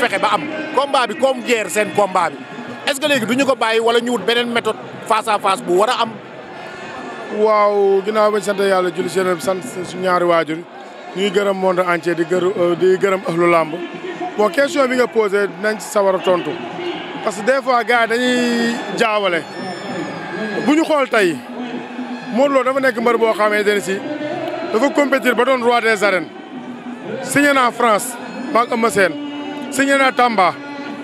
fexe ba am combat bi comme guerre seen combat bi est-ce léegi du ñu ko bàyyi wala ñu wut beneen méthode face à bu war a am. waaw ginnaaw ba sant yàlla julli seen sant suñu ñaari waajur ñuy gërëm monde entier di gërëm euh, di gërëm ahlu làmb bon question bi nga posé dinañ ci sawar a tontu parce que des fois gars yi dañuy jaawale bu ñu xool tey. Modou Lo dafa nekk mbër boo xamee ne si dafa compétir ba doon roi des arènes signé naa France maag Eumeu Sène signé naa Tamba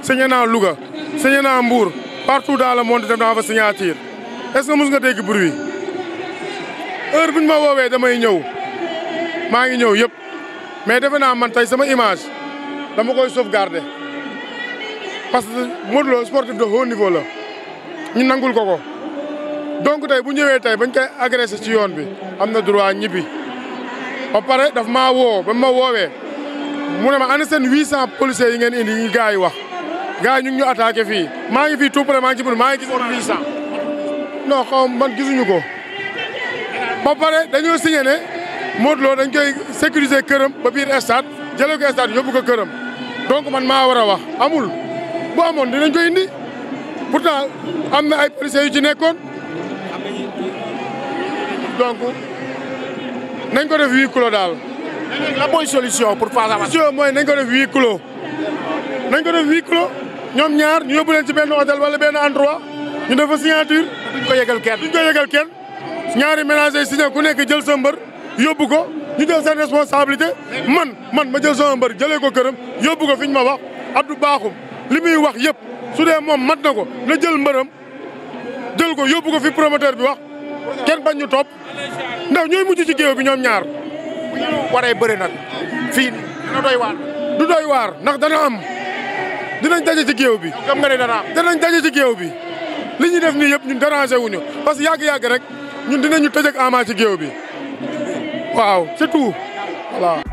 signé naa Louga signé naa Mbour partout dans le monde def naa fa signature est-ce que mos nga dégg bruit heure bu ñu ma woowee damay ñëw maa ngi ñëw yëpp mais defe naa man tey sama image dama koy sauvegarder parce que Modou Lo sportif de haut niveau la ñu nangul ko ko. donc tey bu ñëwee tey bañ koy agressé ci yoon bi am na droit ñibbi ba pare daf maa woo ba ma woowee mu ne ma ana seen 800 policiers yi ngeen indi yi gars yi wax gars ñu ngi ñu attaqué fii maa ngi fii tout près maa ngi ci bur maa ngi gis 800 non xaw man gisuñu ko ba pare dañoo signé ne Modou Lo dañ koy sécuriser këram ba biir stade jëlee ko stade yóbbu ko këram donc man maa war a wax amul bu amoon di dinañ ko indi pourtant am na ay policiers yu ci nekkoon donc nañ ko def huis clos daal. la mooy solution pour Fass Abass. solution mooy nañ ko def huis clos nañ ko def huis clos ñoom ñaar ñu yóbbu leen ci benn hôtel wala benn endroit ñu def fa signature. duñ ko yëgal kenn duñ ko yëgal kenn ñaari ménages signé ku nekk jël sa mbër yóbbu ko ñu jël seen responsabilité man man ma jël sama mbër jëlee ko këram yóbbu ko fiñ ma wax Abdou Bakhoum li muy wax yëpp su dee moom mat na ko na jël mbëram jël ko yóbbu ko fi promoteur bi wax. kenn bañ ñu topp ndaw ñooy mujj ci géew bi ñoom ñaar bu ñu waree bëri nag fii dina doy waar. du doy waar ndax dana am dinañ daje ci géew bi. xam nga ne dana am danañ daje ci géew bi li ñuy def nii yëpp ñun déranger wuñu parce que yàgg-yàgg rek ñun dinañu tëj ak Ama ci géew bi waaw c'est tout